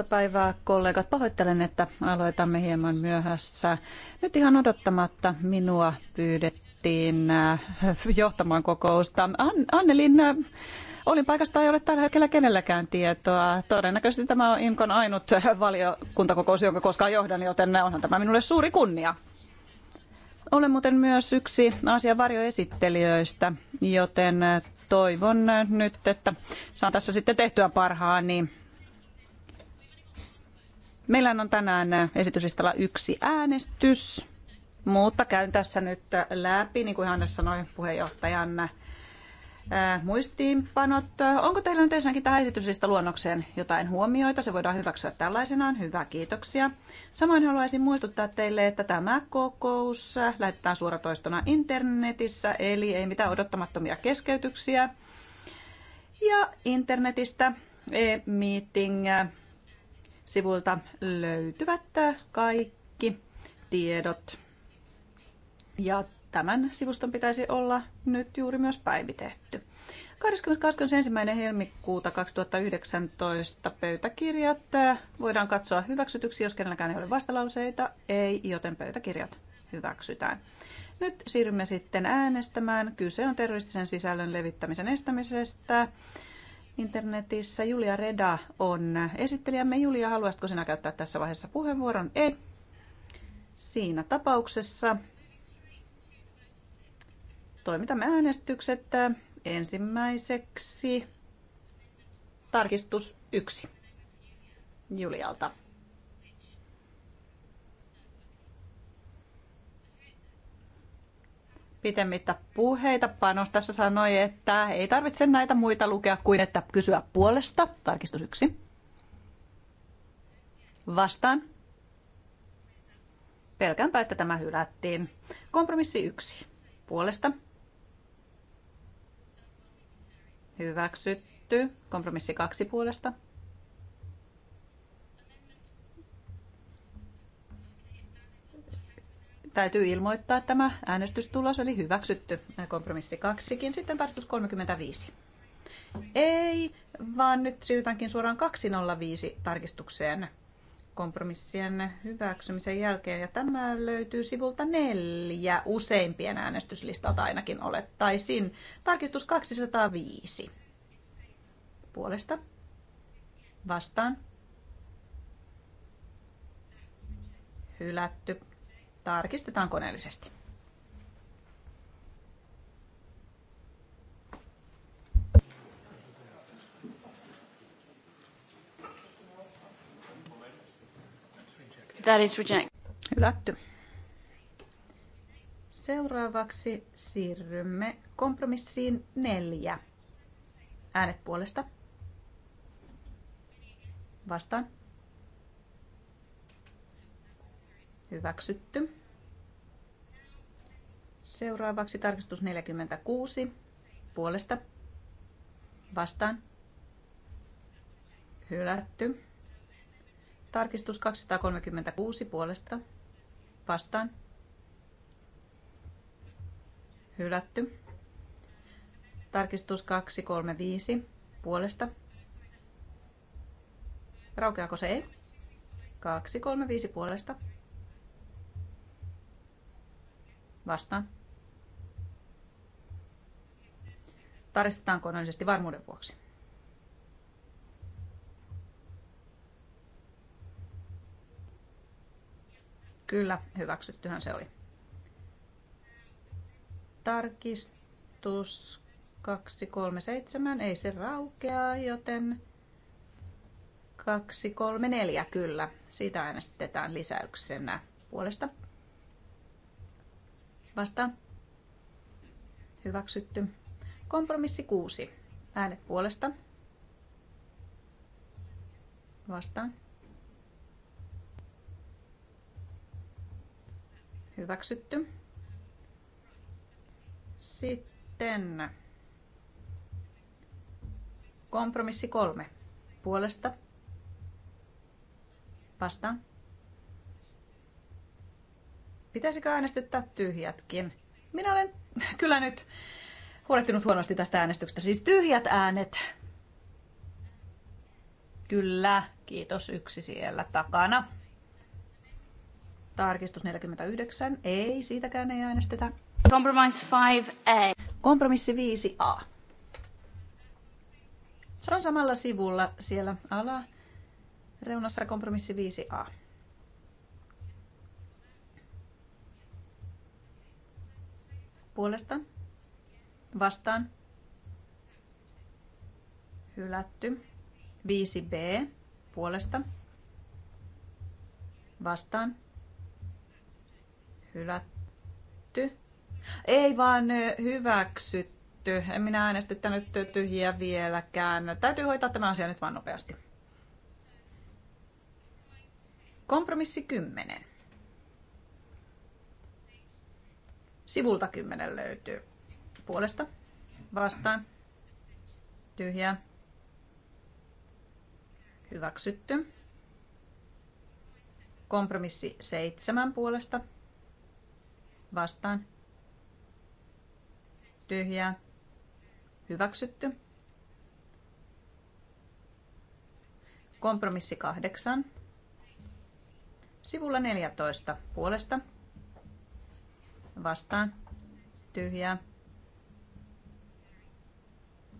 iltapäivää kollegat. Pahoittelen, että aloitamme hieman myöhässä. Nyt ihan odottamatta minua pyydettiin äh, johtamaan kokousta. Annelin äh, olin paikasta ei ole tällä hetkellä kenelläkään tietoa. Todennäköisesti tämä on Inkon ainut äh, valiokuntakokous, jonka koskaan johdan, joten onhan tämä minulle suuri kunnia. Olen muuten myös yksi asian varjoesittelijöistä, joten toivon nyt, että saan tässä sitten tehtyä parhaani Meillä on tänään esityslistalla yksi äänestys, mutta käyn tässä nyt läpi, niin kuin Hanna sanoi, puheenjohtajan äh, muistiinpanot. Onko teillä nyt ensinnäkin tähän esityslista luonnokseen jotain huomioita? Se voidaan hyväksyä tällaisenaan. Hyvä, kiitoksia. Samoin haluaisin muistuttaa teille, että tämä kokous lähetetään suoratoistona internetissä, eli ei mitään odottamattomia keskeytyksiä. Ja internetistä e-meeting sivulta löytyvät kaikki tiedot. Ja tämän sivuston pitäisi olla nyt juuri myös päivitetty. 21. helmikuuta 2019 pöytäkirjat voidaan katsoa hyväksytyksi, jos kenelläkään ei ole vastalauseita, ei, joten pöytäkirjat hyväksytään. Nyt siirrymme sitten äänestämään. Kyse on terroristisen sisällön levittämisen estämisestä internetissä. Julia Reda on esittelijämme. Julia, haluaisitko sinä käyttää tässä vaiheessa puheenvuoron? Ei. Siinä tapauksessa toimitamme äänestykset ensimmäiseksi tarkistus yksi Julialta. pitemmittä puheita. Panos tässä sanoi, että ei tarvitse näitä muita lukea kuin että kysyä puolesta. Tarkistus yksi. Vastaan. Pelkäänpä, että tämä hylättiin. Kompromissi yksi. Puolesta. Hyväksytty. Kompromissi kaksi puolesta. täytyy ilmoittaa tämä äänestystulos, eli hyväksytty kompromissi kaksikin. Sitten tarkistus 35. Ei, vaan nyt siirrytäänkin suoraan 205 tarkistukseen kompromissien hyväksymisen jälkeen. Ja tämä löytyy sivulta neljä useimpien äänestyslistalta ainakin olettaisin. Tarkistus 205. Puolesta. Vastaan. Hylätty. Tarkistetaan koneellisesti. That is reject. Hylätty. Seuraavaksi siirrymme kompromissiin neljä. Äänet puolesta. Vastaan. Hyväksytty. Seuraavaksi tarkistus 46 puolesta vastaan. Hylätty. Tarkistus 236 puolesta vastaan. Hylätty. Tarkistus 235 puolesta. Raukeako se ei? 235 puolesta Vastaan. Tarkistetaan koneellisesti varmuuden vuoksi. Kyllä, hyväksyttyhän se oli. Tarkistus 237, ei se raukeaa, joten 234 kyllä, siitä äänestetään lisäyksenä puolesta vasta Hyväksytty. Kompromissi 6. Äänet puolesta. Vastaan. Hyväksytty. Sitten kompromissi kolme Puolesta. Vastaan. Pitäisikö äänestyttää tyhjätkin? Minä olen kyllä nyt huolehtinut huonosti tästä äänestyksestä. Siis tyhjät äänet. Kyllä, kiitos yksi siellä takana. Tarkistus 49. Ei, siitäkään ei äänestetä. Compromise 5a. Kompromissi 5a. Se on samalla sivulla siellä ala reunassa kompromissi 5a. puolesta vastaan hylätty. 5b puolesta vastaan hylätty. Ei vaan hyväksytty. En minä äänestyttänyt tyhjiä vieläkään. Täytyy hoitaa tämä asia nyt vaan nopeasti. Kompromissi 10. Sivulta 10 löytyy. Puolesta. Vastaan. tyhjä Hyväksytty. Kompromissi 7 puolesta. Vastaan. tyhjä Hyväksytty. Kompromissi 8. Sivulla 14 puolesta vastaan tyhjää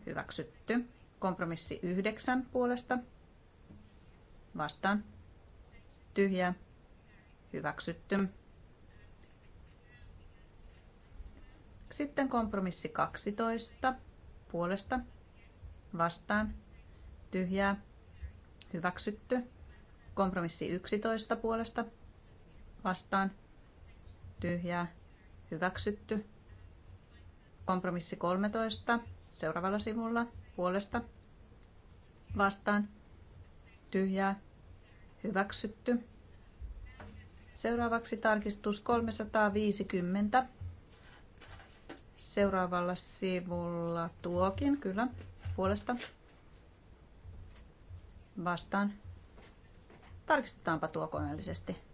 hyväksytty. Kompromissi yhdeksän puolesta vastaan tyhjää hyväksytty. Sitten kompromissi 12 puolesta vastaan tyhjää hyväksytty. Kompromissi 11 puolesta vastaan tyhjää hyväksytty. Kompromissi 13 seuraavalla sivulla puolesta vastaan tyhjää hyväksytty. Seuraavaksi tarkistus 350 seuraavalla sivulla tuokin, kyllä, puolesta vastaan. Tarkistetaanpa tuo koneellisesti.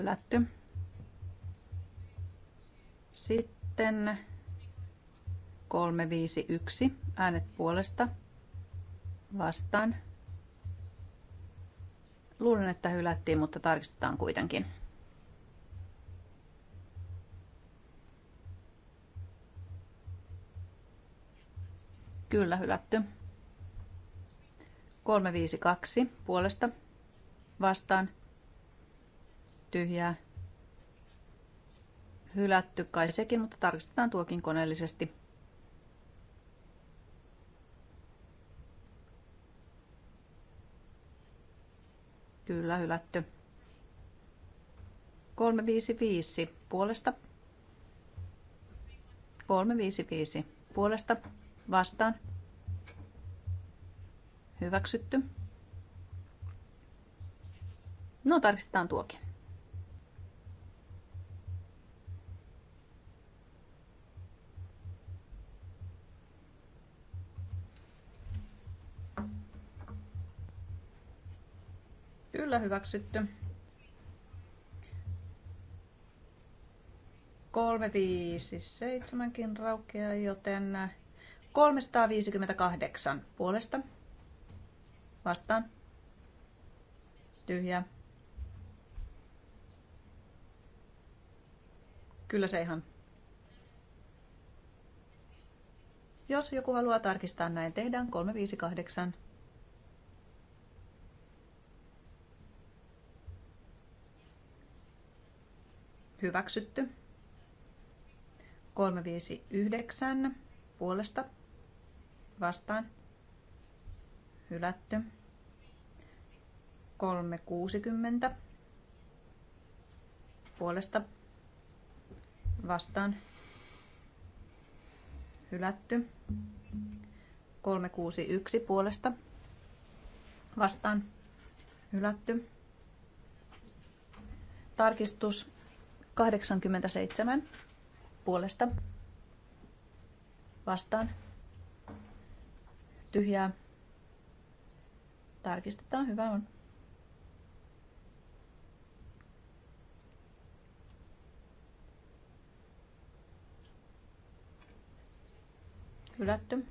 hylätty. Sitten 351 äänet puolesta vastaan. Luulen, että hylättiin, mutta tarkistetaan kuitenkin. Kyllä hylätty. 352 puolesta vastaan tyhjää hylätty kai sekin, mutta tarkistetaan tuokin koneellisesti. Kyllä hylätty. 355 puolesta. 355 puolesta vastaan. Hyväksytty. No tarkistetaan tuokin. Kyllä hyväksytty. 357kin raukea, joten 358 puolesta. Vastaan. Tyhjä. Kyllä se ihan. Jos joku haluaa tarkistaa näin, tehdään 358. Hyväksytty. 359 puolesta vastaan. Hylätty. 360 puolesta vastaan. Hylätty. 361 puolesta vastaan. Hylätty. Tarkistus 87 puolesta vastaan tyhjää. Tarkistetaan, hyvä on. Hylätty.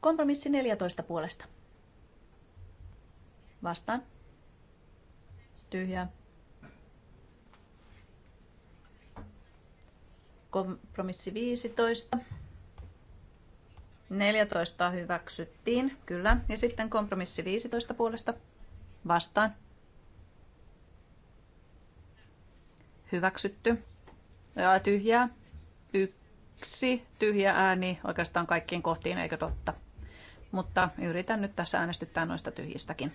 Kompromissi 14 puolesta. Vastaan tyhjä Kompromissi 15. 14 hyväksyttiin, kyllä. Ja sitten kompromissi 15 puolesta vastaan. Hyväksytty. Ja tyhjää. Yksi tyhjä ääni oikeastaan kaikkiin kohtiin, eikö totta? Mutta yritän nyt tässä äänestyttää noista tyhjistäkin.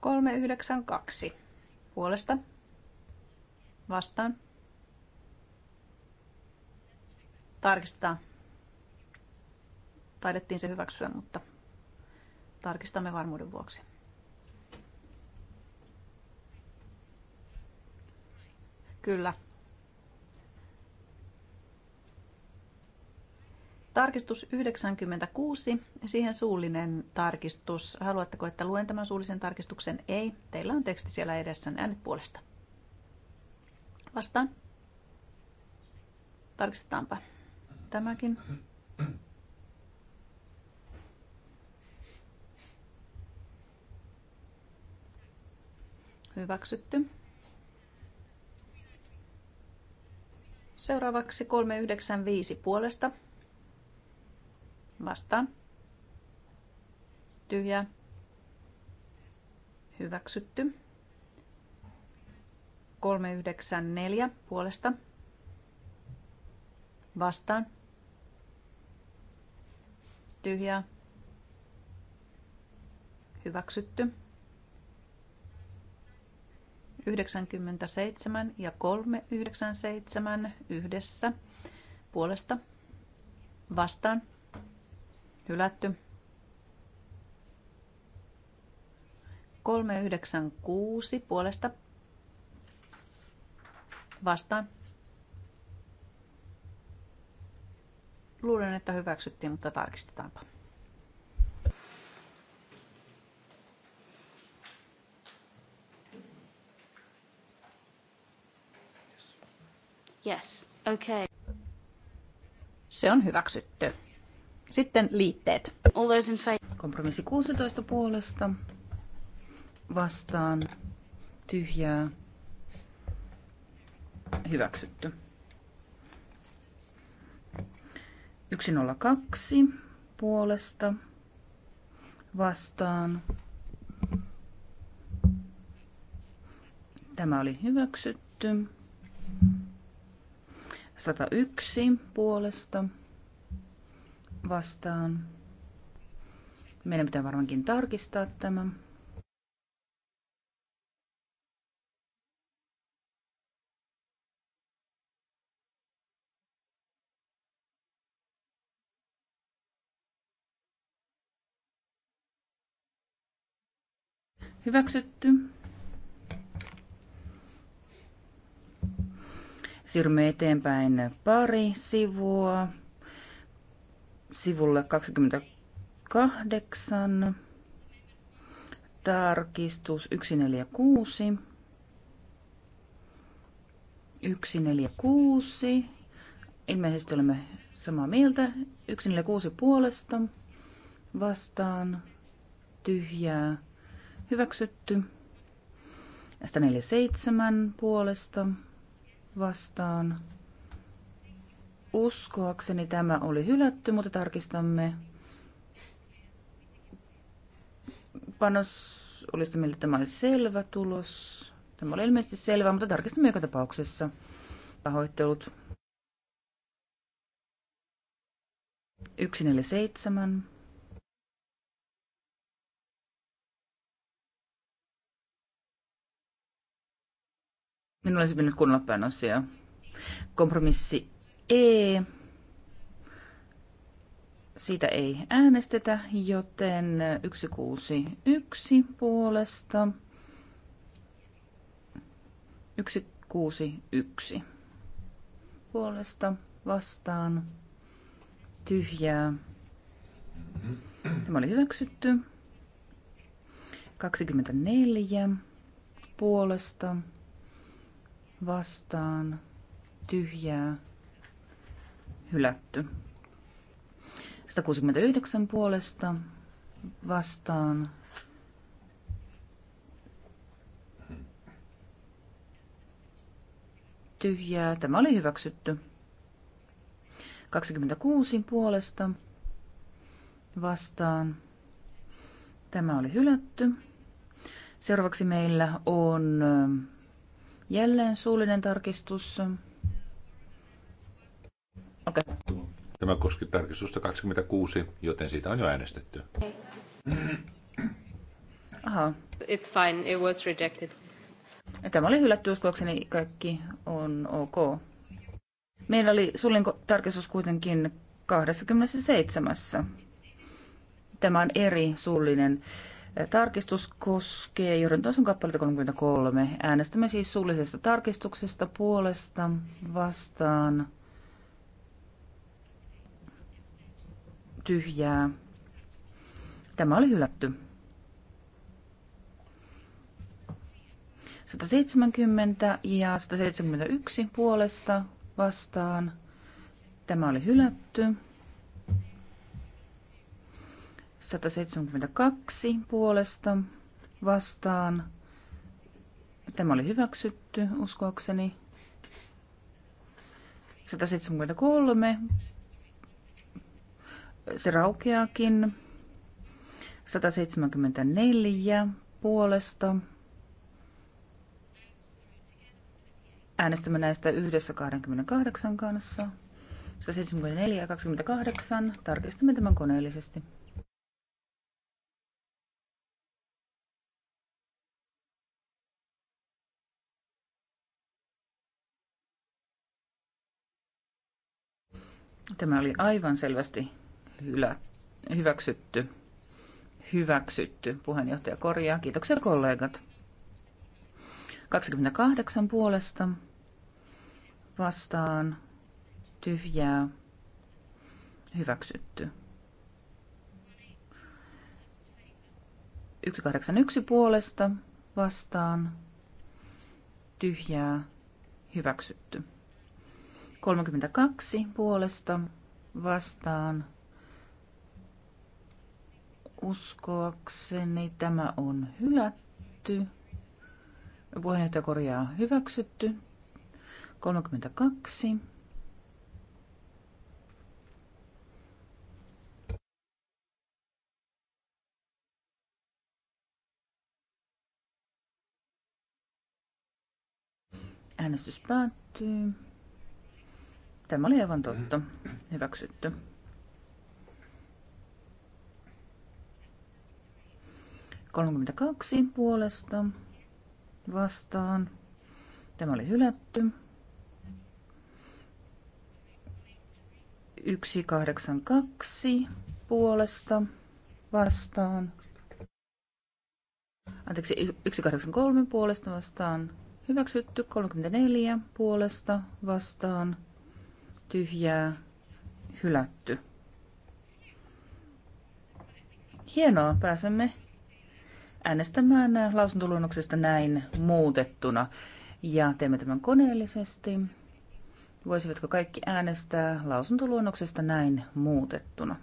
392 puolesta vastaan. Tarkistetaan. Taidettiin se hyväksyä, mutta tarkistamme varmuuden vuoksi. Kyllä, Tarkistus 96, siihen suullinen tarkistus. Haluatteko, että luen tämän suullisen tarkistuksen? Ei. Teillä on teksti siellä edessä. Äänet puolesta. Vastaan. Tarkistetaanpa tämäkin. Hyväksytty. Seuraavaksi 395 puolesta Vastaan. Tyhjä. Hyväksytty. 394 puolesta. Vastaan. Tyhjä. Hyväksytty. 97 ja 397 yhdessä puolesta vastaan Hylätty. 396 puolesta. Vastaan. Luulen, että hyväksyttiin, mutta tarkistetaanpa. Yes, okay. Se on hyväksytty. Sitten liitteet. Kompromissi 16 puolesta vastaan tyhjää hyväksytty. 102 puolesta vastaan. Tämä oli hyväksytty. 101 puolesta vastaan. Meidän pitää varmaankin tarkistaa tämä. Hyväksytty. Siirrymme eteenpäin pari sivua sivulle 28. Tarkistus 146. 146. Ilmeisesti olemme samaa mieltä. 146 puolesta vastaan tyhjää hyväksytty. 147 puolesta vastaan Uskoakseni tämä oli hylätty, mutta tarkistamme. Panos oli sitä mieltä, että tämä oli selvä tulos. Tämä oli ilmeisesti selvä, mutta tarkistamme joka tapauksessa. Pahoittelut. 147. Minulla olisi mennyt kuunnella päänosia. Kompromissi E. Siitä ei äänestetä, joten 161 puolesta. 161 puolesta vastaan tyhjää. Tämä oli hyväksytty. 24 puolesta vastaan tyhjää hylätty. 169 puolesta vastaan tyhjää. Tämä oli hyväksytty. 26 puolesta vastaan. Tämä oli hylätty. Seuraavaksi meillä on jälleen suullinen tarkistus. Okay. Tämä koski tarkistusta 26, joten siitä on jo äänestetty. Aha. It's fine, it was rejected. Tämä oli hylätty, uskoakseni kaikki on ok. Meillä oli sullin tarkistus kuitenkin 27. Tämä on eri suullinen tarkistus koskee johdantoson kappaletta 33. Äänestämme siis suullisesta tarkistuksesta puolesta vastaan tyhjää. Tämä oli hylätty. 170 ja 171 puolesta vastaan. Tämä oli hylätty. 172 puolesta vastaan. Tämä oli hyväksytty, uskoakseni. 173 se raukeakin. 174 puolesta. Äänestämme näistä yhdessä 28 kanssa. 174 ja 28. Tarkistamme tämän koneellisesti. Tämä oli aivan selvästi hylä, hyväksytty. Hyväksytty. Puheenjohtaja korjaa. Kiitoksia kollegat. 28 puolesta vastaan tyhjää hyväksytty. 181 puolesta vastaan tyhjää hyväksytty. 32 puolesta vastaan Uskoakseni tämä on hylätty. Puheenjohtaja korjaa hyväksytty. 32. Äänestys päättyy. Tämä oli aivan totta. Hyväksytty. 32 puolesta vastaan. Tämä oli hylätty. 182 puolesta vastaan. Anteeksi, 183 puolesta vastaan. Hyväksytty 34 puolesta vastaan. Tyhjää. Hylätty. Hienoa, pääsemme äänestämään lausuntoluonnoksesta näin muutettuna. Ja teemme tämän koneellisesti. Voisivatko kaikki äänestää lausuntoluonnoksesta näin muutettuna?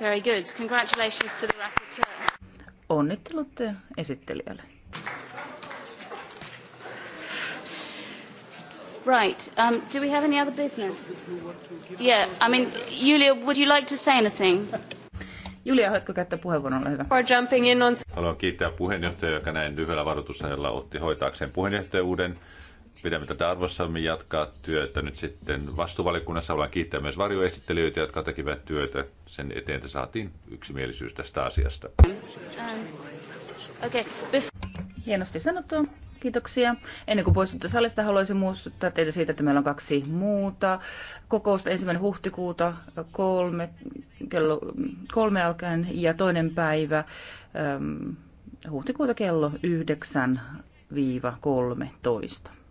Very good. Congratulations to the rapporteur. Onnittelut esittelijälle. Right. Um, do we have any other business? Yeah, I mean, Julia, would you like to say anything? Julia, haluatko käyttää puheenvuoron? Ole hyvä. Jumping in on... Haluan kiittää puheenjohtaja, joka näin lyhyellä varoitusajalla otti hoitaakseen puheenjohtajuuden. Pidämme tätä arvossamme jatkaa työtä nyt sitten vastuvalikunnassa Haluan kiittää myös varjoesittelijöitä, jotka tekivät työtä. Sen eteen, että saatiin yksimielisyys tästä asiasta. Um, okay. Hienosti sanottu. Kiitoksia. Ennen kuin poistutte salista, haluaisin muistuttaa teitä siitä, että meillä on kaksi muuta kokousta. Ensimmäinen huhtikuuta kolme, kello kolme alkaen ja toinen päivä ähm, huhtikuuta kello 9-13.